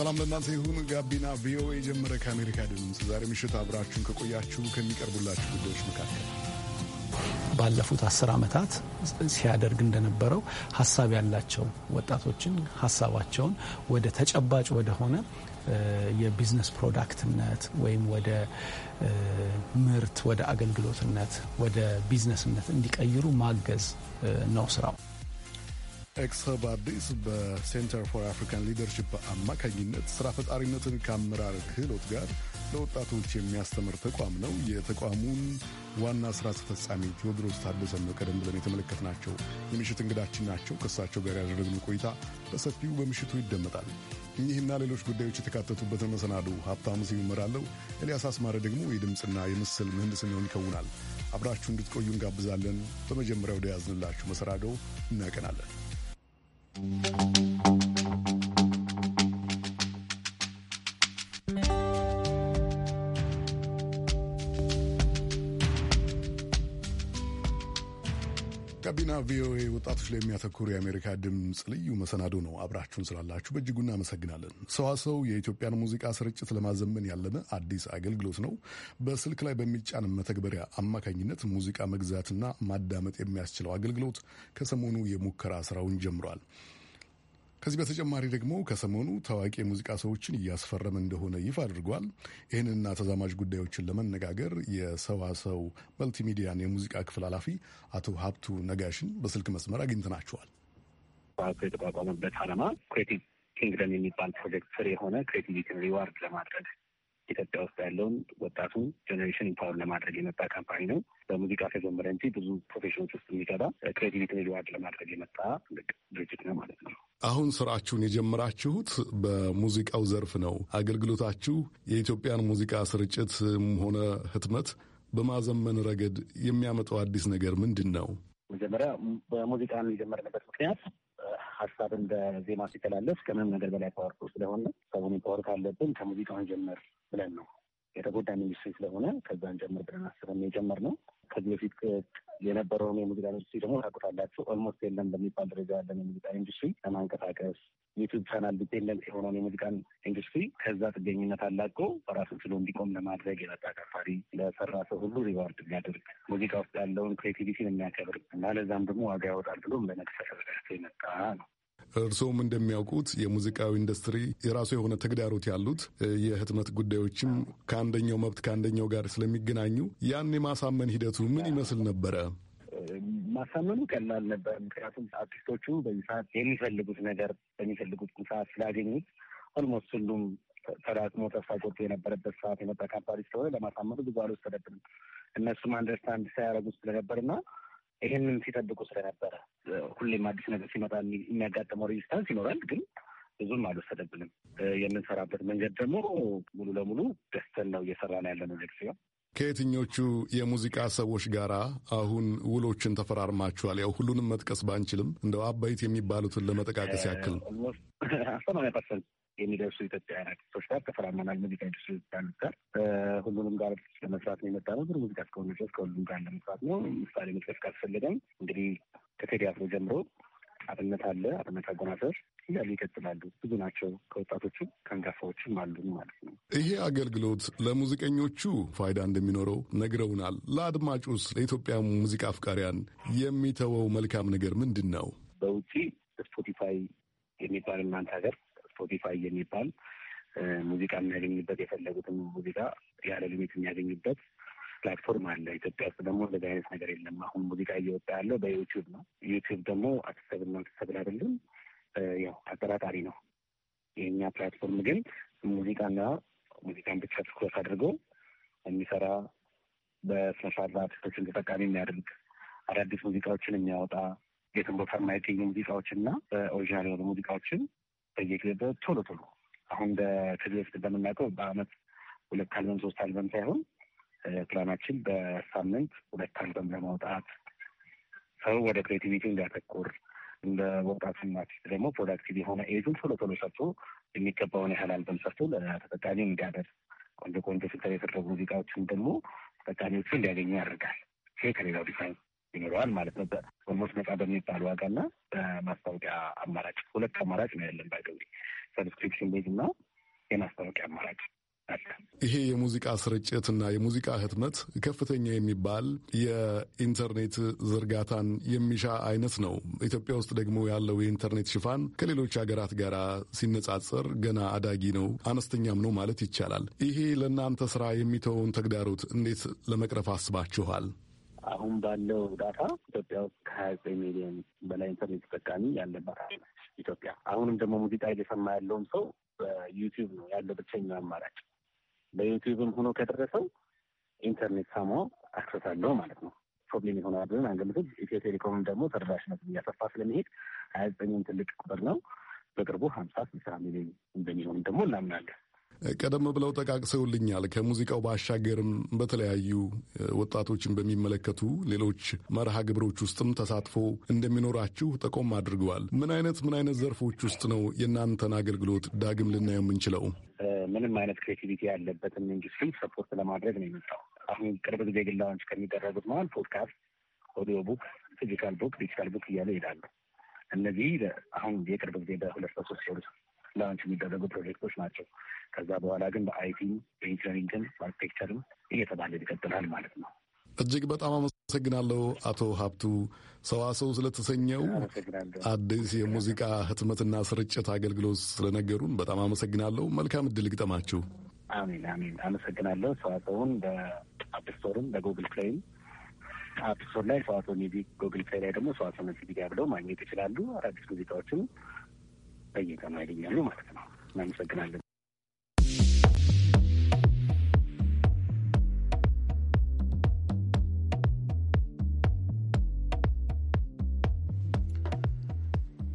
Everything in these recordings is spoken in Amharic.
ሰላም ለእናንተ ይሁን። ጋቢና ቪኦኤ የጀመረ ከአሜሪካ ድምፅ ዛሬ ምሽት አብራችሁን ከቆያችሁ ከሚቀርቡላችሁ ጉዳዮች መካከል ባለፉት አስር ዓመታት ሲያደርግ እንደነበረው ሀሳብ ያላቸው ወጣቶችን ሀሳባቸውን ወደ ተጨባጭ ወደሆነ የቢዝነስ ፕሮዳክትነት ወይም ወደ ምርት፣ ወደ አገልግሎትነት፣ ወደ ቢዝነስነት እንዲቀይሩ ማገዝ ነው ስራው። ኤክስ አዲስ በሴንተር ፎር አፍሪካን ሊደርሽፕ አማካኝነት ስራ ፈጣሪነትን ከአመራር ክህሎት ጋር ለወጣቶች የሚያስተምር ተቋም ነው። የተቋሙን ዋና ስራ አስፈጻሚ ቴዎድሮስ ታደሰን ነው ቀደም ብለን የተመለከትናቸው የምሽት እንግዳችን ናቸው። ከእሳቸው ጋር ያደረግነው ቆይታ በሰፊው በምሽቱ ይደመጣል። እኚህና ሌሎች ጉዳዮች የተካተቱበትን መሰናዱ ሀብታሙ ስዩም እመራለሁ። ኤልያስ አስማረ ደግሞ የድምፅና የምስል ምህንድስናውን ይከውናል። አብራችሁ እንድትቆዩ እንጋብዛለን። በመጀመሪያ ወደ ያዝንላችሁ መሰናዶ እናቀናለን። Thank you. ጋቢና ቪኦኤ ወጣቶች ላይ የሚያተኩሩ የአሜሪካ ድምፅ ልዩ መሰናዶ ነው። አብራችሁን ስላላችሁ በእጅጉ እናመሰግናለን። ሰዋሰው የኢትዮጵያን ሙዚቃ ስርጭት ለማዘመን ያለመ አዲስ አገልግሎት ነው። በስልክ ላይ በሚጫን መተግበሪያ አማካኝነት ሙዚቃ መግዛትና ማዳመጥ የሚያስችለው አገልግሎት ከሰሞኑ የሙከራ ስራውን ጀምሯል። ከዚህ በተጨማሪ ደግሞ ከሰሞኑ ታዋቂ የሙዚቃ ሰዎችን እያስፈረመ እንደሆነ ይፋ አድርጓል። ይህንና ተዛማጅ ጉዳዮችን ለመነጋገር የሰዋሰው መልቲሚዲያን የሙዚቃ ክፍል ኃላፊ አቶ ሀብቱ ነጋሽን በስልክ መስመር አግኝተናቸዋል። ሰዋሰው የተቋቋመበት ዓላማ ክሬቲቭ ኪንግደም የሚባል ፕሮጀክት ስር የሆነ ክሬቲቪቲን ሪዋርድ ለማድረግ ኢትዮጵያ ውስጥ ያለውን ወጣቱን ጀኔሬሽን ኢምፓወር ለማድረግ የመጣ ካምፓኒ ነው። በሙዚቃ ተጀመረ እንጂ ብዙ ፕሮፌሽኖች ውስጥ የሚገባ ክሬቲቪቲን ሪዋርድ ለማድረግ የመጣ ድርጅት ነው ማለት ነው። አሁን ስራችሁን የጀመራችሁት በሙዚቃው ዘርፍ ነው። አገልግሎታችሁ የኢትዮጵያን ሙዚቃ ስርጭት ሆነ ህትመት በማዘመን ረገድ የሚያመጣው አዲስ ነገር ምንድን ነው? መጀመሪያ በሙዚቃን የጀመርንበት ምክንያት ሀሳብ እንደ ዜማ ሲተላለፍ ከምንም ነገር በላይ ፓወርፉ ስለሆነ ሰውን ፓወር ካለብን ከሙዚቃውን ጀመር ብለን ነው የተጎዳ ሚኒስትሪ ስለሆነ ከዛን ጀምር ብለን አስበን የጀመር ነው። ከዚህ በፊት የነበረውን የሙዚቃ ኢንዱስትሪ ደግሞ ታውቁታላችሁ። ኦልሞስት የለም በሚባል ደረጃ ያለን የሙዚቃ ኢንዱስትሪ ለማንቀሳቀስ ዩቱብ ቻናል ዲፔንደንት የሆነውን የሙዚቃ ኢንዱስትሪ ከዛ ጥገኝነት አላቆ በራሱ ችሎ እንዲቆም ለማድረግ የመጣ ከፋሪ ለሰራ ሰው ሁሉ ሪዋርድ የሚያደርግ ሙዚቃ ውስጥ ያለውን ክሬቲቪቲን የሚያከብር እና ለዛም ደግሞ ዋጋ ያወጣል ብሎ ለነቅሰ የመጣ ነው። እርስዎም እንደሚያውቁት የሙዚቃው ኢንዱስትሪ የራሱ የሆነ ተግዳሮት ያሉት የህትመት ጉዳዮችም ከአንደኛው መብት ከአንደኛው ጋር ስለሚገናኙ ያን የማሳመን ሂደቱ ምን ይመስል ነበረ? ማሳመኑ ቀላል ነበር። ምክንያቱም አርቲስቶቹ በዚህ ሰዓት የሚፈልጉት ነገር በሚፈልጉት ሰዓት ስላገኙት ኦልሞስት ሁሉም ተዳክሞ ተስፋ ቆርጦ የነበረበት ሰዓት የመጣ ካምፓኒ ስለሆነ ለማሳመኑ ብዙ አልወሰደብንም። እነሱም አንደርስታንድ ስለነበር ስለነበርና ይህንን ሲጠብቁ ስለነበረ ሁሌም አዲስ ነገር ሲመጣ የሚያጋጥመው ሬዚስታንስ ይኖራል ግን ብዙም አልወሰደብንም። የምንሰራበት መንገድ ደግሞ ሙሉ ለሙሉ ደስተን ነው እየሰራ ነው ያለነው ነው። ሲሆን ከየትኞቹ የሙዚቃ ሰዎች ጋር አሁን ውሎችን ተፈራርማችኋል? ያው ሁሉንም መጥቀስ ባንችልም እንደው አበይት የሚባሉትን ለመጠቃቀስ ያክል ሰማንያ ፐርሰንት የሚደርሱ ኢትዮጵያውያን አርቲስቶች ጋር ተፈራመናል። ሙዚቃ ኢንዱስትሪ ያሉት ጋር ሁሉንም ጋር ለመስራት ነው የመጣ ነው። ግን ሙዚቃ እስከሆነ ድረስ ከሁሉም ጋር ለመስራት ነው። ምሳሌ መጥቀስ ካስፈለገም እንግዲህ ከቴዲ አፍሮ ጀምሮ አብነት አለ፣ አብነት አጎናፍር እያሉ ይቀጥላሉ። ብዙ ናቸው። ከወጣቶቹም ከንጋፋዎችም አሉ ማለት ነው። ይሄ አገልግሎት ለሙዚቀኞቹ ፋይዳ እንደሚኖረው ነግረውናል። ለአድማጩስ፣ ለኢትዮጵያ ሙዚቃ አፍቃሪያን የሚተወው መልካም ነገር ምንድን ነው? በውጭ ስፖቲፋይ የሚባል እናንተ ሀገር ስፖቲፋይ የሚባል ሙዚቃ የሚያገኝበት የፈለጉትን ሙዚቃ ያለ ሊሚት የሚያገኝበት ፕላትፎርም አለ። ኢትዮጵያ ውስጥ ደግሞ እንደዚህ አይነት ነገር የለም። አሁን ሙዚቃ እየወጣ ያለው በዩቲዩብ ነው። ዩቲዩብ ደግሞ ነው፣ አክሰብል አይደለም፣ ያው አጠራጣሪ ነው። የእኛ ፕላትፎርም ግን ሙዚቃና ሙዚቃን ብቻ ትኩረት አድርጎ የሚሰራ በስነሳራ አርቲስቶችን ተጠቃሚ የሚያደርግ አዳዲስ ሙዚቃዎችን የሚያወጣ የትም ቦታ የማይገኙ ሙዚቃዎችና ኦሪጂናል የሆኑ ሙዚቃዎችን በየጊዜው ቶሎ ቶሎ አሁን ከዚህ በፊት እንደምናውቀው በአመት ሁለት አልበም ሶስት አልበም ሳይሆን ፕላናችን በሳምንት ሁለት አልበም ለማውጣት ሰው ወደ ክሬቲቪቲ እንዲያተኩር እንደ ወጣትና ደግሞ ፕሮዳክቲቭ የሆነ ኤጁን ቶሎ ቶሎ ሰርቶ የሚገባውን ያህል አልበም ሰርቶ ለተጠቃሚ እንዲያደርስ ቆንጆ ቆንጆ ፊልተር የተደረጉ ሙዚቃዎችን ደግሞ ተጠቃሚዎቹ እንዲያገኙ ያደርጋል። ይሄ ከሌላው ዲዛይን ይኖረዋል ማለት ነው። ኦልሞስት ነጻ በሚባል ዋጋና በማስታወቂያ አማራጭ ሁለት አማራጭ ነው ያለን ባይገ ሰብስክሪፕሽን ቤዝ እና የማስታወቂያ አማራጭ ይሄ የሙዚቃ ስርጭትና የሙዚቃ ህትመት ከፍተኛ የሚባል የኢንተርኔት ዝርጋታን የሚሻ አይነት ነው። ኢትዮጵያ ውስጥ ደግሞ ያለው የኢንተርኔት ሽፋን ከሌሎች ሀገራት ጋር ሲነጻጸር ገና አዳጊ ነው፣ አነስተኛም ነው ማለት ይቻላል። ይሄ ለእናንተ ስራ የሚተውን ተግዳሮት እንዴት ለመቅረፍ አስባችኋል? አሁን ባለው ዳታ ኢትዮጵያ ውስጥ ከሀያ ዘጠኝ ሚሊዮን በላይ ኢንተርኔት ተጠቃሚ ያለባት ኢትዮጵያ። አሁንም ደግሞ ሙዚቃ እየሰማ ያለውም ሰው በዩቲዩብ ነው ያለው ብቸኛው አማራጭ። በዩቲዩብም ሆኖ ከደረሰው ኢንተርኔት ሳሞ አክሰስ አለው ማለት ነው። ፕሮብሌም የሆነ ብለን አንገምትም። ኢትዮ ቴሌኮምም ደግሞ ተደራሽነት እያሰፋ ስለመሄድ ሀያ ዘጠኝም ትልቅ ቁጥር ነው። በቅርቡ ሀምሳ ስልሳ ሚሊዮን እንደሚሆን ደግሞ እናምናለን። ቀደም ብለው ጠቃቅሰውልኛል። ከሙዚቃው ባሻገርም በተለያዩ ወጣቶችን በሚመለከቱ ሌሎች መርሃ ግብሮች ውስጥም ተሳትፎ እንደሚኖራችሁ ጠቆም አድርገዋል። ምን አይነት ምን አይነት ዘርፎች ውስጥ ነው የእናንተን አገልግሎት ዳግም ልናየው የምንችለው? ምንም አይነት ክሬቲቪቲ ያለበትን ኢንዱስትሪ ሰፖርት ለማድረግ ነው የመጣው። አሁን ቅርብ ጊዜ ግን ላውንች ከሚደረጉት መሀል ፖድካስት፣ ኦዲዮ ቡክ፣ ፊዚካል ቡክ፣ ዲጂታል ቡክ እያለ ይሄዳሉ። እነዚህ አሁን የቅርብ ጊዜ በሁለት በሶስት ላንች የሚደረጉ ፕሮጀክቶች ናቸው። ከዛ በኋላ ግን በአይቲም በኢንጂነሪንግም በአርክቴክቸርም እየተባለ ይቀጥላል ማለት ነው። እጅግ በጣም አመሰግናለሁ አቶ ሀብቱ ሰዋሰው ስለተሰኘው አዲስ የሙዚቃ ህትመትና ስርጭት አገልግሎት ስለነገሩን በጣም አመሰግናለሁ። መልካም እድል ግጠማችሁ። አሜን አሜን። አመሰግናለሁ። ሰዋሰውን በአፕስቶርም በጉግል ፕሌይም አፕስቶር ላይ ሰዋሰው ሚዚክ፣ ጉግል ፕሌይ ላይ ደግሞ ሰዋሰው ሚዚክ ብለው ማግኘት ይችላሉ። አዳዲስ ሙዚቃዎችም በየቀኑ ያገኛሉ ማለት ነው። እናመሰግናለን።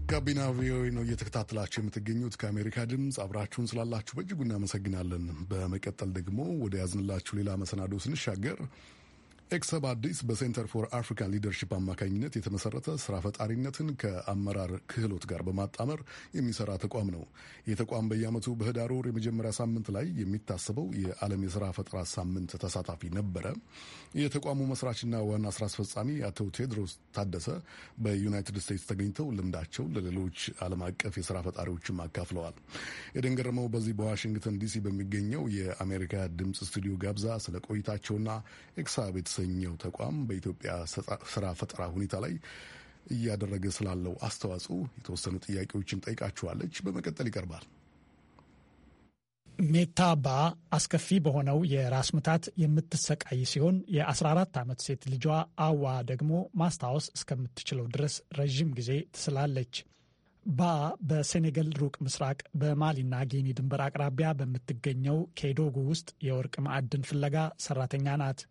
ጋቢና ቪኦኤ ነው እየተከታተላችሁ የምትገኙት። ከአሜሪካ ድምፅ አብራችሁን ስላላችሁ በእጅጉ እናመሰግናለን። በመቀጠል ደግሞ ወደ ያዝንላችሁ ሌላ መሰናዶ ስንሻገር ኤክሰብ አዲስ በሴንተር ፎር አፍሪካን ሊደርሽፕ አማካኝነት የተመሰረተ ስራ ፈጣሪነትን ከአመራር ክህሎት ጋር በማጣመር የሚሰራ ተቋም ነው። ይህ ተቋም በየዓመቱ በህዳር ወር የመጀመሪያ ሳምንት ላይ የሚታሰበው የዓለም የስራ ፈጠራ ሳምንት ተሳታፊ ነበረ። የተቋሙ መስራችና ዋና ስራ አስፈጻሚ አቶ ቴድሮስ ታደሰ በዩናይትድ ስቴትስ ተገኝተው ልምዳቸው ለሌሎች ዓለም አቀፍ የስራ ፈጣሪዎችም አካፍለዋል። የደንገረመው በዚህ በዋሽንግተን ዲሲ በሚገኘው የአሜሪካ ድምፅ ስቱዲዮ ጋብዛ ስለ ቆይታቸውና ኤክሳቤት የተሰኘው ተቋም በኢትዮጵያ ስራ ፈጠራ ሁኔታ ላይ እያደረገ ስላለው አስተዋጽኦ የተወሰኑ ጥያቄዎችን ጠይቃችኋለች። በመቀጠል ይቀርባል። ሜታ ባ አስከፊ በሆነው የራስ ምታት የምትሰቃይ ሲሆን የ14 ዓመት ሴት ልጇ አዋ ደግሞ ማስታወስ እስከምትችለው ድረስ ረዥም ጊዜ ትስላለች። ባ በሴኔጋል ሩቅ ምስራቅ በማሊና ጊኒ ድንበር አቅራቢያ በምትገኘው ኬዶጉ ውስጥ የወርቅ ማዕድን ፍለጋ ሰራተኛ ናት።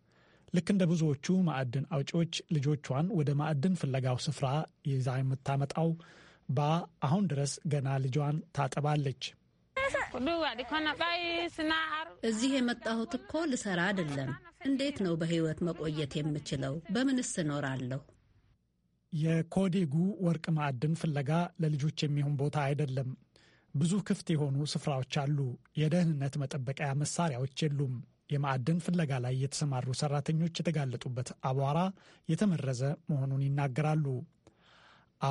ልክ እንደ ብዙዎቹ ማዕድን አውጪዎች ልጆቿን ወደ ማዕድን ፍለጋው ስፍራ ይዛ የምታመጣው ባ አሁን ድረስ ገና ልጇን ታጠባለች። እዚህ የመጣሁት እኮ ልሰራ አይደለም። እንዴት ነው በህይወት መቆየት የምችለው? በምንስ እኖራለሁ? የኮዴጉ ወርቅ ማዕድን ፍለጋ ለልጆች የሚሆን ቦታ አይደለም። ብዙ ክፍት የሆኑ ስፍራዎች አሉ። የደህንነት መጠበቂያ መሳሪያዎች የሉም። የማዕድን ፍለጋ ላይ የተሰማሩ ሰራተኞች የተጋለጡበት አቧራ የተመረዘ መሆኑን ይናገራሉ።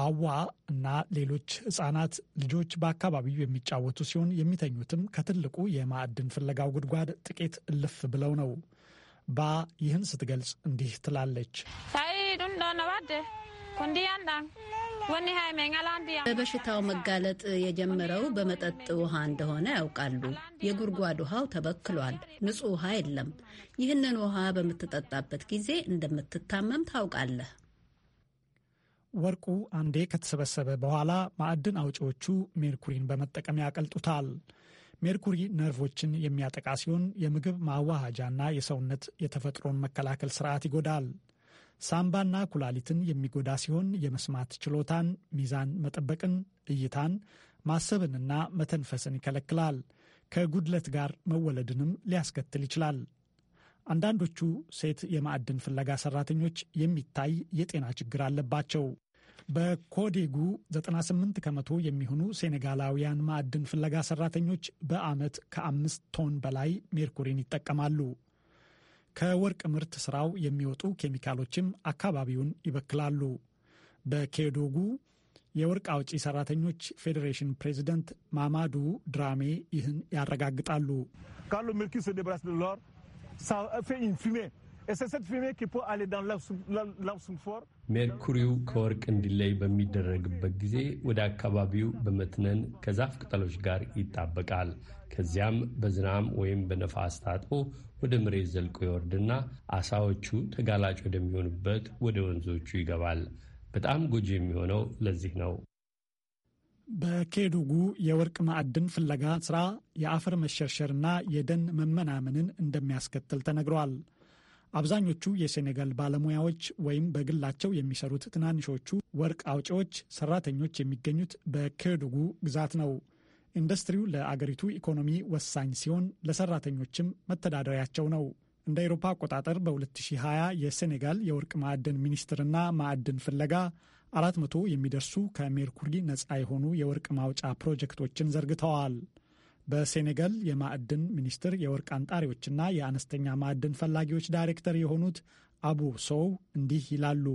አዋ እና ሌሎች ህጻናት ልጆች በአካባቢው የሚጫወቱ ሲሆን የሚተኙትም ከትልቁ የማዕድን ፍለጋው ጉድጓድ ጥቂት እልፍ ብለው ነው። ባ ይህን ስትገልጽ እንዲህ ትላለች። በበሽታው መጋለጥ የጀመረው በመጠጥ ውሃ እንደሆነ ያውቃሉ። የጉድጓድ ውሃው ተበክሏል፣ ንጹህ ውሃ የለም። ይህንን ውሃ በምትጠጣበት ጊዜ እንደምትታመም ታውቃለህ። ወርቁ አንዴ ከተሰበሰበ በኋላ ማዕድን አውጪዎቹ ሜርኩሪን በመጠቀም ያቀልጡታል። ሜርኩሪ ነርቮችን የሚያጠቃ ሲሆን የምግብ ማዋሃጃና የሰውነት የተፈጥሮን መከላከል ስርዓት ይጎዳል። ሳምባና ኩላሊትን የሚጎዳ ሲሆን የመስማት ችሎታን፣ ሚዛን መጠበቅን፣ እይታን፣ ማሰብንና መተንፈስን ይከለክላል። ከጉድለት ጋር መወለድንም ሊያስከትል ይችላል። አንዳንዶቹ ሴት የማዕድን ፍለጋ ሰራተኞች የሚታይ የጤና ችግር አለባቸው። በኮዴጉ 98 ከመቶ የሚሆኑ ሴኔጋላውያን ማዕድን ፍለጋ ሰራተኞች በዓመት ከአምስት ቶን በላይ ሜርኩሪን ይጠቀማሉ። ከወርቅ ምርት ስራው የሚወጡ ኬሚካሎችም አካባቢውን ይበክላሉ። በኬዶጉ የወርቅ አውጪ ሰራተኞች ፌዴሬሽን ፕሬዚደንት ማማዱ ድራሜ ይህን ያረጋግጣሉ። ሜርኩሪው ከወርቅ እንዲለይ በሚደረግበት ጊዜ ወደ አካባቢው በመትነን ከዛፍ ቅጠሎች ጋር ይጣበቃል። ከዚያም በዝናም ወይም በነፋስ ታጥቦ ወደ መሬት ዘልቆ ይወርድና አሳዎቹ ተጋላጭ ወደሚሆኑበት ወደ ወንዞቹ ይገባል። በጣም ጎጂ የሚሆነው ለዚህ ነው። በኬዱጉ የወርቅ ማዕድን ፍለጋ ስራ የአፈር መሸርሸርና የደን መመናመንን እንደሚያስከትል ተነግሯል። አብዛኞቹ የሴኔጋል ባለሙያዎች ወይም በግላቸው የሚሰሩት ትናንሾቹ ወርቅ አውጪዎች ሰራተኞች የሚገኙት በክድጉ ግዛት ነው። ኢንዱስትሪው ለአገሪቱ ኢኮኖሚ ወሳኝ ሲሆን ለሰራተኞችም መተዳደሪያቸው ነው። እንደ አውሮፓ አቆጣጠር በ2020 የሴኔጋል የወርቅ ማዕድን ሚኒስትርና ማዕድን ፍለጋ 400 የሚደርሱ ከሜርኩሪ ነፃ የሆኑ የወርቅ ማውጫ ፕሮጀክቶችን ዘርግተዋል። በሴኔጋል የማዕድን ሚኒስትር የወርቅ አንጣሪዎችና የአነስተኛ ማዕድን ፈላጊዎች ዳይሬክተር የሆኑት አቡ ሶው እንዲህ ይላሉ።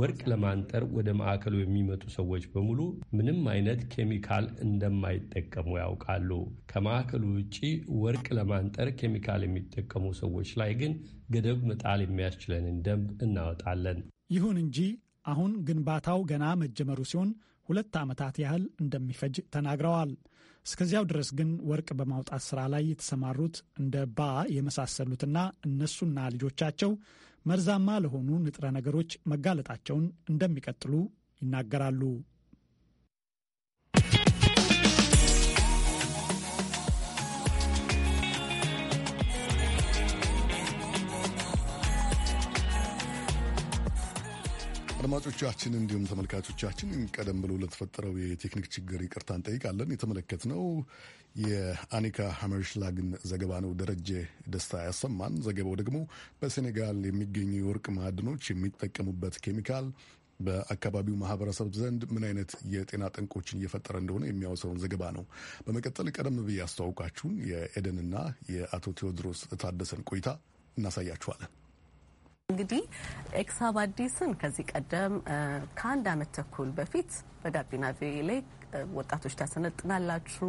ወርቅ ለማንጠር ወደ ማዕከሉ የሚመጡ ሰዎች በሙሉ ምንም አይነት ኬሚካል እንደማይጠቀሙ ያውቃሉ። ከማዕከሉ ውጪ ወርቅ ለማንጠር ኬሚካል የሚጠቀሙ ሰዎች ላይ ግን ገደብ መጣል የሚያስችለንን ደንብ እናወጣለን። ይሁን እንጂ አሁን ግንባታው ገና መጀመሩ ሲሆን ሁለት ዓመታት ያህል እንደሚፈጅ ተናግረዋል። እስከዚያው ድረስ ግን ወርቅ በማውጣት ሥራ ላይ የተሰማሩት እንደ ባ የመሳሰሉትና እነሱና ልጆቻቸው መርዛማ ለሆኑ ንጥረ ነገሮች መጋለጣቸውን እንደሚቀጥሉ ይናገራሉ። አድማጮቻችን እንዲሁም ተመልካቾቻችን ቀደም ብሎ ለተፈጠረው የቴክኒክ ችግር ይቅርታ እንጠይቃለን። የተመለከትነው የአኒካ ሀመርሽላግን ዘገባ ነው። ደረጀ ደስታ ያሰማን። ዘገባው ደግሞ በሴኔጋል የሚገኙ የወርቅ ማዕድኖች የሚጠቀሙበት ኬሚካል በአካባቢው ማህበረሰብ ዘንድ ምን አይነት የጤና ጠንቆችን እየፈጠረ እንደሆነ የሚያወሰውን ዘገባ ነው። በመቀጠል ቀደም ብዬ ያስተዋውቃችሁን የኤደንና የአቶ ቴዎድሮስ ታደሰን ቆይታ እናሳያችኋለን። እንግዲህ ኤክሳብ አዲስን ከዚህ ቀደም ከአንድ አመት ተኩል በፊት በጋቢና ቪ ላይ ወጣቶች ታሰነጥናላችሁ፣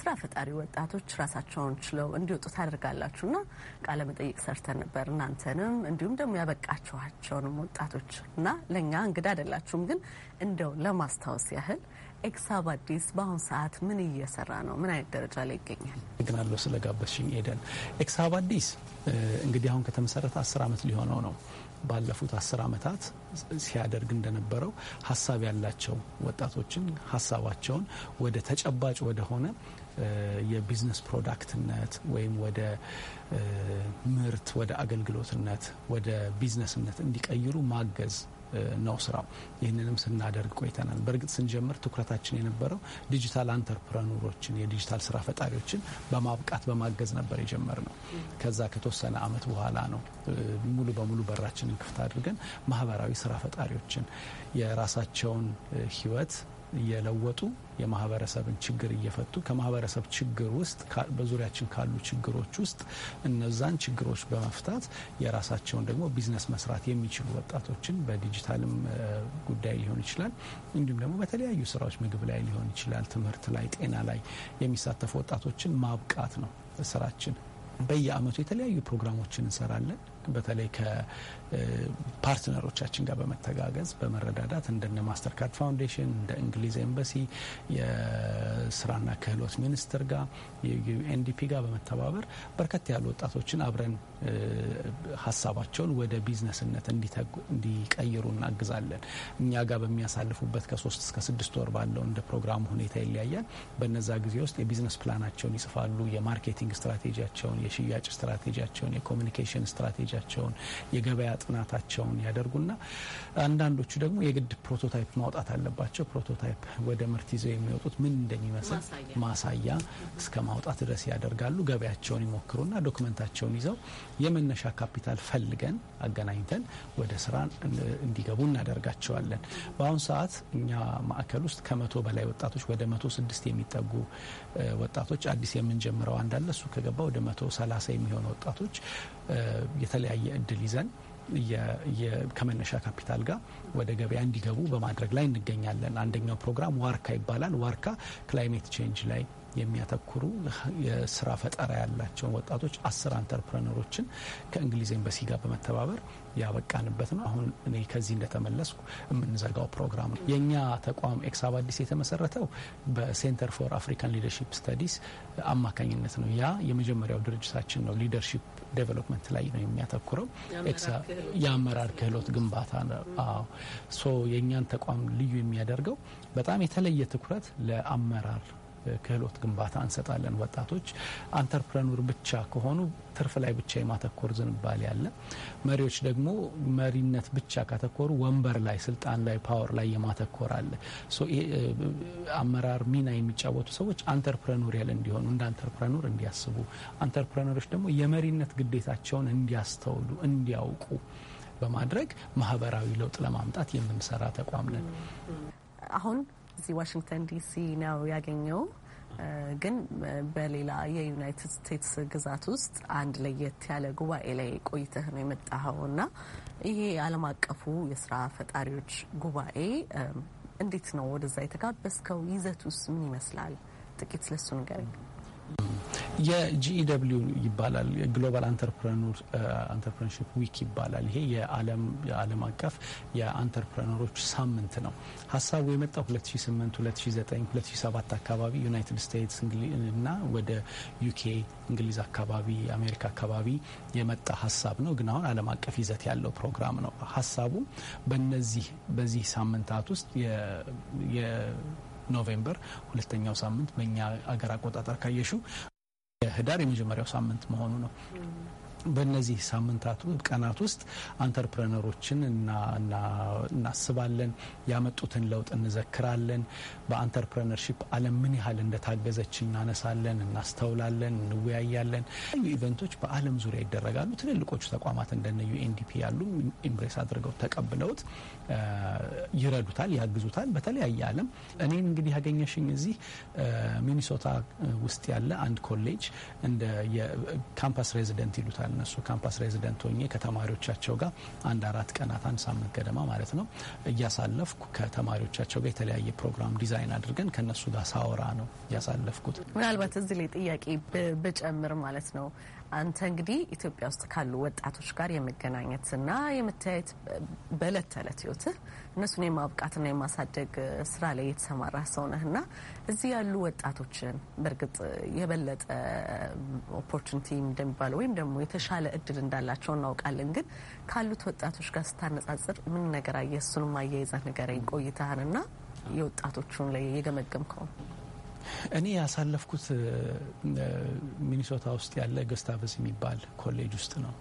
ስራ ፈጣሪ ወጣቶች ራሳቸውን ችለው እንዲወጡ ታደርጋላችሁ እና ቃለ መጠይቅ ሰርተን ነበር። እናንተንም እንዲሁም ደግሞ ያበቃችኋቸውንም ወጣቶች እና ለእኛ እንግዳ አይደላችሁም፣ ግን እንደው ለማስታወስ ያህል ኤክሳብ አዲስ በአሁኑ ሰዓት ምን እየሰራ ነው? ምን አይነት ደረጃ ላይ ይገኛል? ግናለሁ ስለጋበዝሽኝ ኤደን። ኤክሳብ አዲስ እንግዲህ አሁን ከተመሰረተ አስር ዓመት ሊሆነው ነው። ባለፉት አስር ዓመታት ሲያደርግ እንደነበረው ሀሳብ ያላቸው ወጣቶችን ሀሳባቸውን ወደ ተጨባጭ ወደሆነ የቢዝነስ ፕሮዳክትነት ወይም ወደ ምርት፣ ወደ አገልግሎትነት፣ ወደ ቢዝነስነት እንዲቀይሩ ማገዝ ነው ስራው። ይህንንም ስናደርግ ቆይተናል። በእርግጥ ስንጀምር ትኩረታችን የነበረው ዲጂታል አንተርፕረኖሮችን የዲጂታል ስራ ፈጣሪዎችን በማብቃት በማገዝ ነበር የጀመር ነው። ከዛ ከተወሰነ አመት በኋላ ነው ሙሉ በሙሉ በራችንን ክፍት አድርገን ማህበራዊ ስራ ፈጣሪዎችን የራሳቸውን ህይወት እየለወጡ የማህበረሰብን ችግር እየፈቱ ከማህበረሰብ ችግር ውስጥ በዙሪያችን ካሉ ችግሮች ውስጥ እነዛን ችግሮች በመፍታት የራሳቸውን ደግሞ ቢዝነስ መስራት የሚችሉ ወጣቶችን በዲጂታልም ጉዳይ ሊሆን ይችላል። እንዲሁም ደግሞ በተለያዩ ስራዎች ምግብ ላይ ሊሆን ይችላል፣ ትምህርት ላይ፣ ጤና ላይ የሚሳተፉ ወጣቶችን ማብቃት ነው ስራችን። በየአመቱ የተለያዩ ፕሮግራሞችን እንሰራለን። በተለይ ከፓርትነሮቻችን ጋር በመተጋገዝ በመረዳዳት እንደነ ማስተርካርድ ፋውንዴሽን እንደ እንግሊዝ ኤምባሲ የስራና ክህሎት ሚኒስቴር ጋር የዩኤንዲፒ ጋር በመተባበር በርከት ያሉ ወጣቶችን አብረን ሀሳባቸውን ወደ ቢዝነስነት እንዲቀይሩ እናግዛለን። እኛ ጋር በሚያሳልፉበት ከሶስት እስከ ስድስት ወር ባለው እንደ ፕሮግራሙ ሁኔታ ይለያያል። በነዛ ጊዜ ውስጥ የቢዝነስ ፕላናቸውን ይጽፋሉ። የማርኬቲንግ ስትራቴጂያቸውን፣ የሽያጭ ስትራቴጂያቸውን፣ የኮሚኒኬሽን ስትራቴጂ ስትራቴጂያቸውን የገበያ ጥናታቸውን ያደርጉና አንዳንዶቹ ደግሞ የግድ ፕሮቶታይፕ ማውጣት አለባቸው። ፕሮቶታይፕ ወደ ምርት ይዘው የሚወጡት ምን እንደሚመስል ማሳያ እስከ ማውጣት ድረስ ያደርጋሉ። ገበያቸውን ይሞክሩና ዶክመንታቸውን ይዘው የመነሻ ካፒታል ፈልገን አገናኝተን ወደ ስራ እንዲገቡ እናደርጋቸዋለን። በአሁኑ ሰዓት እኛ ማዕከል ውስጥ ከመቶ በላይ ወጣቶች ወደ መቶ ስድስት የሚጠጉ ወጣቶች አዲስ የምንጀምረው አንዳለ እሱ ከገባ ወደ መቶ ሰላሳ የሚሆኑ ወጣቶች የተለ የተለያየ እድል ይዘን ከመነሻ ካፒታል ጋር ወደ ገበያ እንዲገቡ በማድረግ ላይ እንገኛለን። አንደኛው ፕሮግራም ዋርካ ይባላል። ዋርካ ክላይሜት ቼንጅ ላይ የሚያተኩሩ የስራ ፈጠራ ያላቸውን ወጣቶች አስር አንተርፕረነሮችን ከእንግሊዝ ኤምባሲ ጋር በመተባበር ያበቃንበት ነው። አሁን እኔ ከዚህ እንደተመለስኩ የምንዘጋው ፕሮግራም ነው። የእኛ ተቋም ኤክሳብ አዲስ የተመሰረተው በሴንተር ፎር አፍሪካን ሊደርሺፕ ስተዲስ አማካኝነት ነው። ያ የመጀመሪያው ድርጅታችን ነው። ሊደርሺፕ ዴቨሎፕመንት ላይ ነው የሚያተኩረው። የአመራር ክህሎት ግንባታ ነው። ሶ የእኛን ተቋም ልዩ የሚያደርገው በጣም የተለየ ትኩረት ለአመራር ክህሎት ግንባታ እንሰጣለን። ወጣቶች አንተርፕረኑር ብቻ ከሆኑ ትርፍ ላይ ብቻ የማተኮር ዝንባሌ ያለ መሪዎች ደግሞ መሪነት ብቻ ካተኮሩ ወንበር ላይ፣ ስልጣን ላይ፣ ፓወር ላይ የማተኮር አለ። አመራር ሚና የሚጫወቱ ሰዎች አንተርፕረኑሪያል እንዲሆኑ እንደ አንተርፕረኑር እንዲያስቡ፣ አንተርፕረነሮች ደግሞ የመሪነት ግዴታቸውን እንዲያስተውሉ እንዲያውቁ በማድረግ ማህበራዊ ለውጥ ለማምጣት የምንሰራ ተቋም ነን። አሁን እዚህ ዋሽንግተን ዲሲ ነው ያገኘው። ግን በሌላ የዩናይትድ ስቴትስ ግዛት ውስጥ አንድ ለየት ያለ ጉባኤ ላይ ቆይተህ ነው የመጣኸው እና ይሄ ዓለም አቀፉ የስራ ፈጣሪዎች ጉባኤ እንዴት ነው ወደዛ የተጋበዝከው? ይዘቱስ ምን ይመስላል? ጥቂት ስለሱ ንገረኝ። የጂኢደብሊው ይባላል የግሎባል አንተርፕረነርሺፕ ዊክ ይባላል። ይሄ የዓለም አቀፍ የአንተርፕረነሮች ሳምንት ነው። ሀሳቡ የመጣው 2008፣ 2009፣ 2007 አካባቢ ዩናይትድ ስቴትስ እና ወደ ዩኬ እንግሊዝ አካባቢ አሜሪካ አካባቢ የመጣ ሀሳብ ነው። ግን አሁን ዓለም አቀፍ ይዘት ያለው ፕሮግራም ነው። ሀሳቡ በነዚህ በዚህ ሳምንታት ውስጥ ኖቬምበር ሁለተኛው ሳምንት በእኛ አገር አቆጣጠር ካየሹ የህዳር የመጀመሪያው ሳምንት መሆኑ ነው። በእነዚህ ሳምንታት ቀናት ውስጥ አንተርፕረነሮችን እናስባለን፣ ያመጡትን ለውጥ እንዘክራለን። በአንተርፕረነርሽፕ ዓለም ምን ያህል እንደታገዘች እናነሳለን፣ እናስተውላለን፣ እንወያያለን። ዩ ኢቨንቶች በዓለም ዙሪያ ይደረጋሉ። ትልልቆቹ ተቋማት እንደነ ዩኤንዲፒ ያሉ ኢምብሬስ አድርገው ተቀብለውት ይረዱታል፣ ያግዙታል በተለያየ ዓለም። እኔን እንግዲህ ያገኘሽኝ እዚህ ሚኒሶታ ውስጥ ያለ አንድ ኮሌጅ እንደ ካምፓስ ሬዚደንት ይሉታል ከነሱ ካምፓስ ሬዚደንት ሆኜ ከተማሪዎቻቸው ጋር አንድ አራት ቀናት አንድ ሳምንት ገደማ ማለት ነው እያሳለፍኩ ከተማሪዎቻቸው ጋር የተለያየ ፕሮግራም ዲዛይን አድርገን ከነሱ ጋር ሳወራ ነው እያሳለፍኩት። ምናልባት እዚህ ላይ ጥያቄ ብጨምር ማለት ነው አንተ እንግዲህ ኢትዮጵያ ውስጥ ካሉ ወጣቶች ጋር የመገናኘትና የመተያየት በእለት ተዕለት ህይወትህ እነሱን የማብቃትና የማሳደግ ስራ ላይ የተሰማራ ሰው ነህና እዚህ ያሉ ወጣቶችን በእርግጥ የበለጠ ኦፖርቹኒቲ እንደሚባለው ወይም ደግሞ የተሻለ እድል እንዳላቸው እናውቃለን። ግን ካሉት ወጣቶች ጋር ስታነጻጽር ምን ነገር አየህ? እሱንም አያይዘህ ንገረኝ ቆይታህንና የወጣቶቹን ላይ የገመገምከው እኔ ያሳለፍኩት ሚኒሶታ ውስጥ ያለ ገስታቨስ የሚባል ኮሌጅ ውስጥ ነው።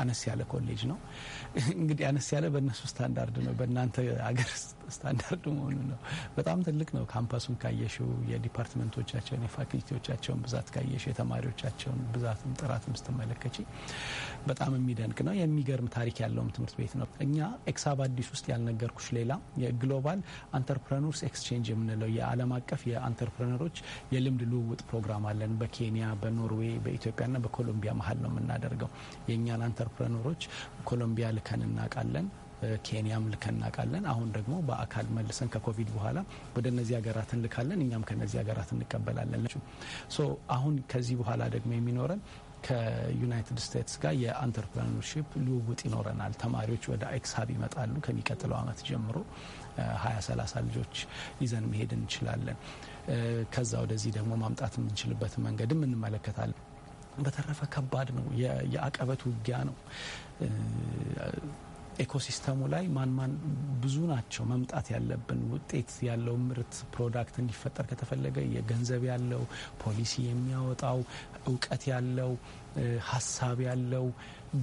አነስ ያለ ኮሌጅ ነው። እንግዲህ አነስ ያለ በእነሱ ስታንዳርድ ነው። በእናንተ አገር ስታንዳርዱ መሆኑ ነው። በጣም ትልቅ ነው። ካምፓሱን ካየሽው፣ የዲፓርትመንቶቻቸውን የፋክልቲዎቻቸውን ብዛት ካየሽው፣ የተማሪዎቻቸውን ብዛትም ጥራትም ስትመለከች በጣም የሚደንቅ ነው። የሚገርም ታሪክ ያለውም ትምህርት ቤት ነው። እኛ ኤክሳብ አዲስ ውስጥ ያልነገርኩሽ ሌላ የግሎባል አንተርፕረኖርስ ኤክስቼንጅ የምንለው የዓለም አቀፍ የአንተርፕረነሮች የልምድ ልውውጥ ፕሮግራም አለን። በኬንያ በኖርዌይ በኢትዮጵያና በኮሎምቢያ መሀል ነው የምናደርገው። የእኛን አንተርፕረኖሮች ኮሎምቢያ ልከን እናውቃለን። ኬንያም ልከን እናውቃለን። አሁን ደግሞ በአካል መልሰን ከኮቪድ በኋላ ወደ እነዚህ ሀገራት እንልካለን። እኛም ከነዚህ ሀገራት እንቀበላለን። ሶ አሁን ከዚህ በኋላ ደግሞ የሚኖረን ከዩናይትድ ስቴትስ ጋር የአንተርፕረነርሺፕ ልውውጥ ይኖረናል። ተማሪዎች ወደ ኤክስሀብ ይመጣሉ። ከሚቀጥለው ዓመት ጀምሮ 20 ሰላሳ ልጆች ይዘን መሄድ እንችላለን። ከዛ ወደዚህ ደግሞ ማምጣት የምንችልበት መንገድም እንመለከታለን። በተረፈ ከባድ ነው። የአቀበት ውጊያ ነው። ኢኮሲስተሙ ላይ ማን ማን ብዙ ናቸው መምጣት ያለብን ውጤት ያለው ምርት ፕሮዳክት እንዲፈጠር ከተፈለገ የገንዘብ ያለው ፖሊሲ የሚያወጣው እውቀት ያለው ሀሳብ ያለው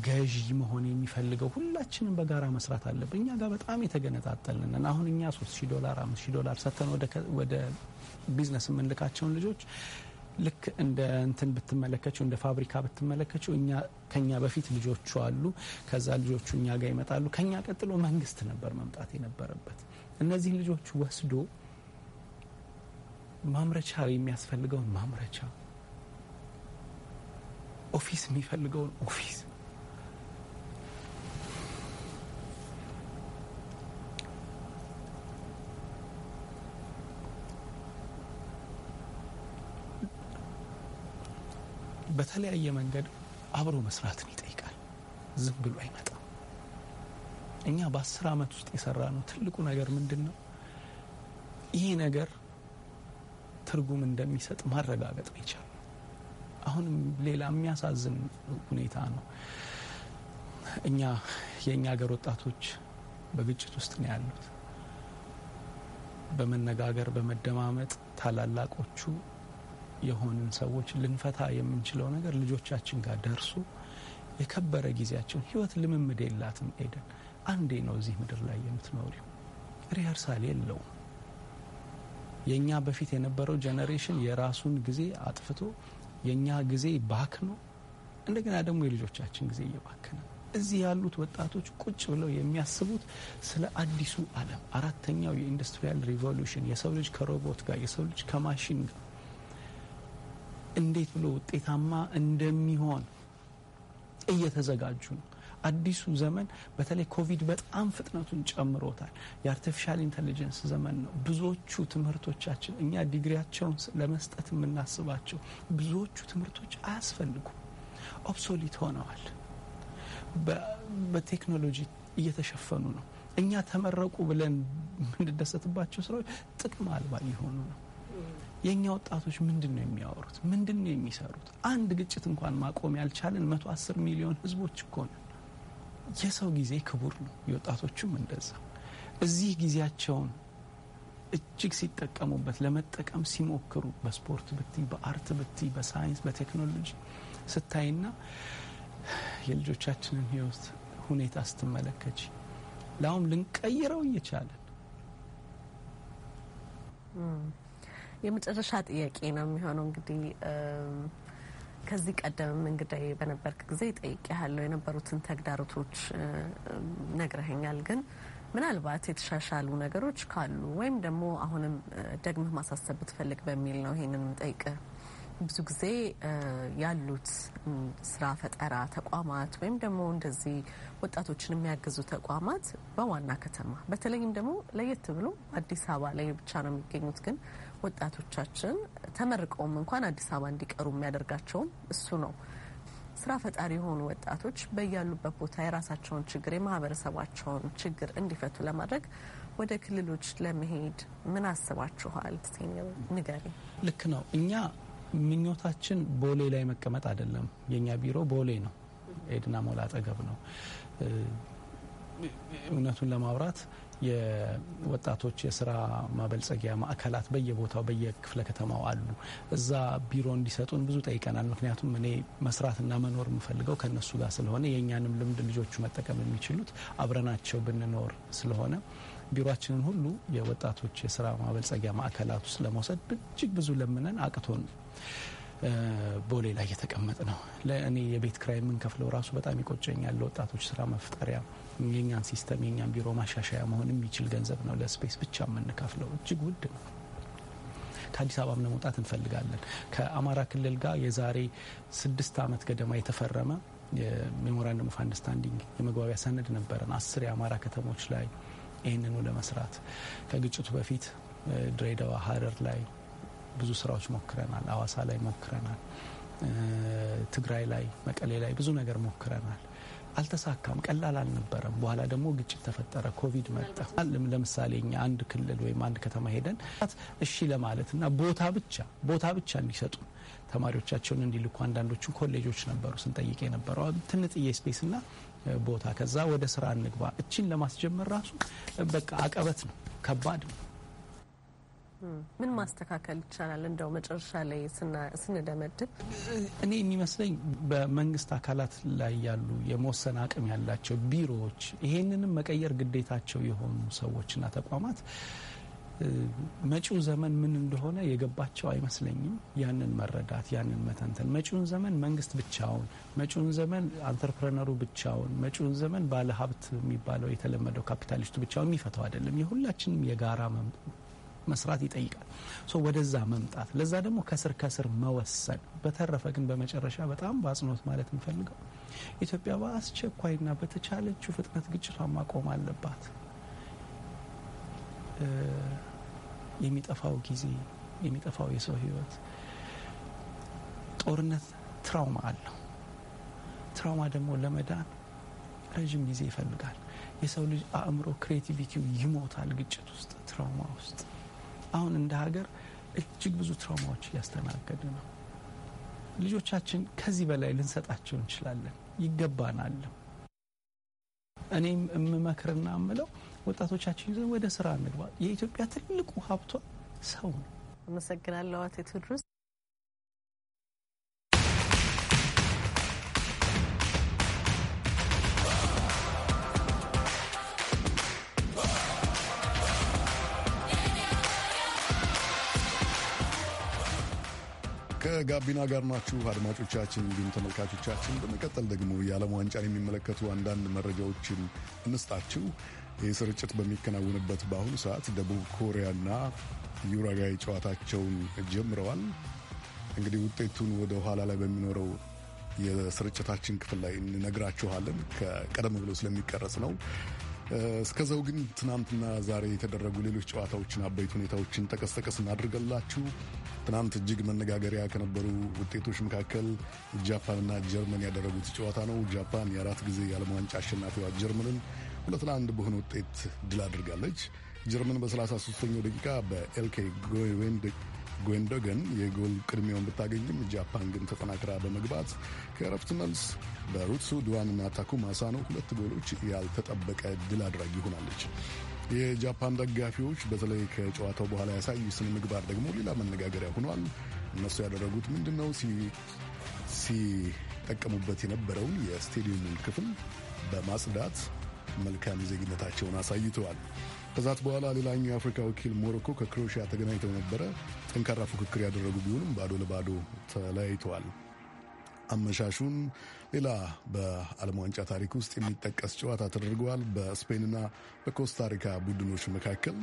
ገዢ መሆን የሚፈልገው ሁላችንም በጋራ መስራት አለብን። እኛ ጋር በጣም የተገነጣጠልንን አሁን እኛ ሶስት ሺ ዶላር አምስት ሺ ዶላር ሰጥተን ወደ ቢዝነስ የምንልካቸውን ልጆች ልክ እንደ እንትን ብትመለከችው እንደ ፋብሪካ ብትመለከችው እኛ ከኛ በፊት ልጆቹ አሉ። ከዛ ልጆቹ እኛ ጋር ይመጣሉ። ከኛ ቀጥሎ መንግስት ነበር መምጣት የነበረበት። እነዚህ ልጆች ወስዶ ማምረቻ የሚያስፈልገውን ማምረቻ፣ ኦፊስ የሚፈልገውን ኦፊስ በተለያየ መንገድ አብሮ መስራትን ይጠይቃል። ዝም ብሎ አይመጣም። እኛ በአስር ዓመት ውስጥ የሰራ ነው ትልቁ ነገር ምንድን ነው? ይሄ ነገር ትርጉም እንደሚሰጥ ማረጋገጥ ይቻል። አሁንም ሌላ የሚያሳዝን ሁኔታ ነው። እኛ የእኛ ሀገር ወጣቶች በግጭት ውስጥ ነው ያሉት። በመነጋገር በመደማመጥ ታላላቆቹ የሆንን ሰዎች ልንፈታ የምንችለው ነገር ልጆቻችን ጋር ደርሶ የከበረ ጊዜያቸውን ህይወት ልምምድ የላትም። ኤደን አንዴ ነው እዚህ ምድር ላይ የምትኖሪው። ሪሀርሳል የለውም። የእኛ በፊት የነበረው ጀኔሬሽን የራሱን ጊዜ አጥፍቶ የእኛ ጊዜ ባክኖ እንደገና ደግሞ የልጆቻችን ጊዜ እየባከነ እዚህ ያሉት ወጣቶች ቁጭ ብለው የሚያስቡት ስለ አዲሱ ዓለም አራተኛው የኢንዱስትሪያል ሪቮሉሽን የሰው ልጅ ከሮቦት ጋር የሰው ልጅ ከማሽን ጋር እንዴት ብሎ ውጤታማ እንደሚሆን እየተዘጋጁ ነው። አዲሱ ዘመን በተለይ ኮቪድ በጣም ፍጥነቱን ጨምሮታል። የአርቲፊሻል ኢንቴሊጀንስ ዘመን ነው። ብዙዎቹ ትምህርቶቻችን እኛ ዲግሪያቸውን ለመስጠት የምናስባቸው ብዙዎቹ ትምህርቶች አያስፈልጉም፣ ኦብሶሊት ሆነዋል። በቴክኖሎጂ እየተሸፈኑ ነው። እኛ ተመረቁ ብለን የምንደሰትባቸው ስራዎች ጥቅም አልባ እየሆኑ ነው። የእኛ ወጣቶች ምንድን ነው የሚያወሩት? ምንድን ነው የሚሰሩት? አንድ ግጭት እንኳን ማቆም ያልቻለን መቶ አስር ሚሊዮን ህዝቦች እኮ ነን። የሰው ጊዜ ክቡር ነው። የወጣቶቹም እንደዛ እዚህ ጊዜያቸውን እጅግ ሲጠቀሙበት ለመጠቀም ሲሞክሩ በስፖርት ብቲ፣ በአርት ብቲ፣ በሳይንስ በቴክኖሎጂ ስታይና የልጆቻችንን ህይወት ሁኔታ ስትመለከች ለአሁን ልንቀይረው እየቻለን የመጨረሻ ጥያቄ ነው የሚሆነው እንግዲህ ከዚህ ቀደምም እንግዳይ በነበርክ ጊዜ ጠይቄያለሁ። የነበሩትን ተግዳሮቶች ነግረኸኛል። ግን ምናልባት የተሻሻሉ ነገሮች ካሉ ወይም ደግሞ አሁንም ደግመህ ማሳሰብ ብትፈልግ በሚል ነው ይህንን ጠይቅ ብዙ ጊዜ ያሉት ስራ ፈጠራ ተቋማት ወይም ደግሞ እንደዚህ ወጣቶችን የሚያግዙ ተቋማት በዋና ከተማ በተለይም ደግሞ ለየት ብሎ አዲስ አበባ ላይ ብቻ ነው የሚገኙት። ግን ወጣቶቻችን ተመርቀውም እንኳን አዲስ አበባ እንዲቀሩ የሚያደርጋቸውም እሱ ነው። ስራ ፈጣሪ የሆኑ ወጣቶች በያሉበት ቦታ የራሳቸውን ችግር የማህበረሰባቸውን ችግር እንዲፈቱ ለማድረግ ወደ ክልሎች ለመሄድ ምን አስባችኋል? ሴኒር ንገሪ። ልክ ነው። እኛ ምኞታችን ቦሌ ላይ መቀመጥ አይደለም። የእኛ ቢሮ ቦሌ ነው፣ ኤድና ሞል አጠገብ ነው። እውነቱን ለማውራት የወጣቶች የስራ ማበልጸጊያ ማዕከላት በየቦታው በየክፍለ ከተማው አሉ። እዛ ቢሮ እንዲሰጡን ብዙ ጠይቀናል። ምክንያቱም እኔ መስራትና መኖር የምፈልገው ከእነሱ ጋር ስለሆነ የእኛንም ልምድ ልጆቹ መጠቀም የሚችሉት አብረናቸው ብንኖር ስለሆነ ቢሮችንን ሁሉ የወጣቶች የስራ ማበልጸጊያ ማዕከላት ውስጥ ለመውሰድ እጅግ ብዙ ለምነን አቅቶን ቦሌ ላይ የተቀመጥ ነው። ለእኔ የቤት ክራይ የምንከፍለው ራሱ በጣም ይቆጨኛል። ለወጣቶች ስራ መፍጠሪያ የኛን ሲስተም የኛን ቢሮ ማሻሻያ መሆን የሚችል ገንዘብ ነው። ለስፔስ ብቻ የምንከፍለው እጅግ ውድ ነው። ከአዲስ አበባም ለመውጣት እንፈልጋለን። ከአማራ ክልል ጋር የዛሬ ስድስት ዓመት ገደማ የተፈረመ የሜሞራንደም ኦፍ አንደርስታንዲንግ የመግባቢያ ሰነድ ነበረን አስር የአማራ ከተሞች ላይ ይህንኑ ለመስራት ከግጭቱ በፊት ድሬዳዋ፣ ሀረር ላይ ብዙ ስራዎች ሞክረናል። አዋሳ ላይ ሞክረናል። ትግራይ ላይ መቀሌ ላይ ብዙ ነገር ሞክረናል። አልተሳካም። ቀላል አልነበረም። በኋላ ደግሞ ግጭት ተፈጠረ፣ ኮቪድ መጣ። ለምሳሌ እኛ አንድ ክልል ወይም አንድ ከተማ ሄደን እሺ ለማለት እና ቦታ ብቻ ቦታ ብቻ እንዲሰጡ ተማሪዎቻቸውን እንዲልኩ አንዳንዶቹን ኮሌጆች ነበሩ ስንጠይቅ የነበረው ትንጥዬ ስፔስ እና ቦታ ከዛ ወደ ስራ እንግባ እችን ለማስጀመር ራሱ በቃ አቀበት ነው፣ ከባድ ነው። ምን ማስተካከል ይቻላል? እንደው መጨረሻ ላይ ስንደመድብ እኔ የሚመስለኝ በመንግስት አካላት ላይ ያሉ የመወሰን አቅም ያላቸው ቢሮዎች፣ ይሄንንም መቀየር ግዴታቸው የሆኑ ሰዎችና ተቋማት መጪው ዘመን ምን እንደሆነ የገባቸው አይመስለኝም። ያንን መረዳት ያንን መተንተን መጪውን ዘመን መንግስት ብቻውን፣ መጪውን ዘመን አንተርፕረነሩ ብቻውን፣ መጪውን ዘመን ባለሀብት የሚባለው የተለመደው ካፒታሊስቱ ብቻውን የሚፈታው አይደለም። የሁላችንም የጋራ መስራት ይጠይቃል። ወደዛ መምጣት ለዛ ደግሞ ከስር ከስር መወሰን። በተረፈ ግን በመጨረሻ በጣም በአጽንኦት ማለት የምፈልገው ኢትዮጵያ በአስቸኳይና በተቻለችው ፍጥነት ግጭቷን ማቆም አለባት። የሚጠፋው ጊዜ የሚጠፋው የሰው ህይወት ጦርነት ትራውማ አለው። ትራውማ ደግሞ ለመዳን ረዥም ጊዜ ይፈልጋል። የሰው ልጅ አእምሮ ክሬቲቪቲው ይሞታል ግጭት ውስጥ ትራውማ ውስጥ አሁን እንደ ሀገር እጅግ ብዙ ትራውማዎች እያስተናገድ ነው። ልጆቻችን ከዚህ በላይ ልንሰጣቸው እንችላለን፣ ይገባናል። እኔም የምመክርና የምለው ወጣቶቻችን ይዘን ወደ ስራ እንግባ። የኢትዮጵያ ትልቁ ሀብቷ ሰው ነው። አመሰግናለሁ አቶ ቴዎድሮስ። ከጋቢና ጋር ናችሁ አድማጮቻችን፣ እንዲሁም ተመልካቾቻችን። በመቀጠል ደግሞ የዓለም ዋንጫን የሚመለከቱ አንዳንድ መረጃዎችን እንስጣችሁ። ይህ ስርጭት በሚከናወንበት በአሁኑ ሰዓት ደቡብ ኮሪያና ዩራጋይ ጨዋታቸውን ጀምረዋል። እንግዲህ ውጤቱን ወደ ኋላ ላይ በሚኖረው የስርጭታችን ክፍል ላይ እንነግራችኋለን። ከቀደም ብሎ ስለሚቀረጽ ነው። እስከዛው ግን ትናንትና ዛሬ የተደረጉ ሌሎች ጨዋታዎችን አበይት ሁኔታዎችን ጠቀስ ጠቀስ እናድርገላችሁ። ትናንት እጅግ መነጋገሪያ ከነበሩ ውጤቶች መካከል ጃፓንና ጀርመን ያደረጉት ጨዋታ ነው። ጃፓን የአራት ጊዜ የዓለም ዋንጫ አሸናፊዋ ጀርመንን ሁለት ለአንድ በሆነ ውጤት ድል አድርጋለች። ጀርመን በ33ኛው ደቂቃ በኤልኬ ጎዌንድ ጎንዶገን የጎል ቅድሚያውን ብታገኝም ጃፓን ግን ተጠናክራ በመግባት ከእረፍት መልስ በሩትሱ ድዋንና ታኩማ ሳኖ ሁለት ጎሎች ያልተጠበቀ ድል አድራጊ ሆናለች። የጃፓን ደጋፊዎች በተለይ ከጨዋታው በኋላ ያሳዩ ስነ ምግባር ደግሞ ሌላ መነጋገሪያ ሆኗል። እነሱ ያደረጉት ምንድን ነው? ሲጠቀሙበት የነበረውን የስቴዲየሙን ክፍል በማጽዳት መልካም ዜግነታቸውን አሳይተዋል። ከዛት በኋላ ሌላኛው የአፍሪካ ወኪል ሞሮኮ ከክሮሽያ ተገናኝተው ነበረ። ጠንካራ ፉክክር ያደረጉ ቢሆንም ባዶ ለባዶ ተለያይተዋል። አመሻሹን ሌላ በዓለም ዋንጫ ታሪክ ውስጥ የሚጠቀስ ጨዋታ ተደርገዋል። በስፔንና በኮስታሪካ ቡድኖች መካከል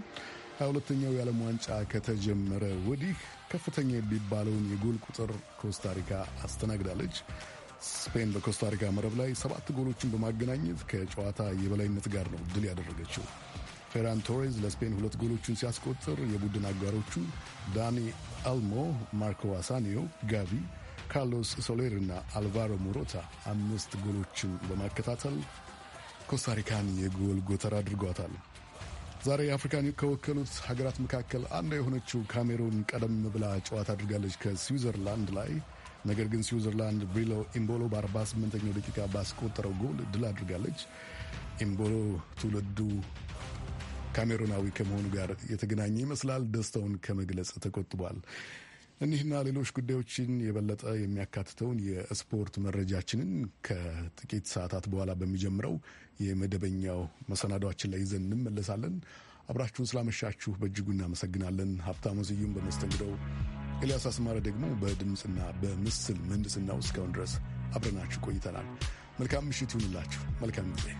ሀያ ሁለተኛው የዓለም ዋንጫ ከተጀመረ ወዲህ ከፍተኛ የሚባለውን የጎል ቁጥር ኮስታሪካ አስተናግዳለች። ስፔን በኮስታሪካ መረብ ላይ ሰባት ጎሎችን በማገናኘት ከጨዋታ የበላይነት ጋር ነው ድል ያደረገችው። ፌራን ቶሬዝ ለስፔን ሁለት ጎሎቹን ሲያስቆጥር የቡድን አጋሮቹ ዳኒ አልሞ፣ ማርኮ አሳኒዮ፣ ጋቪ፣ ካርሎስ ሶሌር እና አልቫሮ ሞሮታ አምስት ጎሎችን በማከታተል ኮስታሪካን የጎል ጎተር አድርጓታል። ዛሬ አፍሪካን ከወከሉት ሀገራት መካከል አንዷ የሆነችው ካሜሩን ቀደም ብላ ጨዋታ አድርጋለች ከስዊዘርላንድ ላይ። ነገር ግን ስዊዘርላንድ ብሪሎ ኢምቦሎ በ48ኛው ደቂቃ ባስቆጠረው ጎል ድል አድርጋለች። ኢምቦሎ ትውልዱ ካሜሩናዊ ከመሆኑ ጋር የተገናኘ ይመስላል ደስታውን ከመግለጽ ተቆጥቧል። እኒህና ሌሎች ጉዳዮችን የበለጠ የሚያካትተውን የስፖርት መረጃችንን ከጥቂት ሰዓታት በኋላ በሚጀምረው የመደበኛው መሰናዷችን ላይ ይዘን እንመለሳለን። አብራችሁን ስላመሻችሁ በእጅጉ እናመሰግናለን። ሀብታሙ ስዩም በመስተንግደው፣ ኤልያስ አስማረ ደግሞ በድምፅና በምስል ምህንድስናው እስካሁን ድረስ አብረናችሁ ቆይተናል። መልካም ምሽት ይሁንላችሁ። መልካም ጊዜ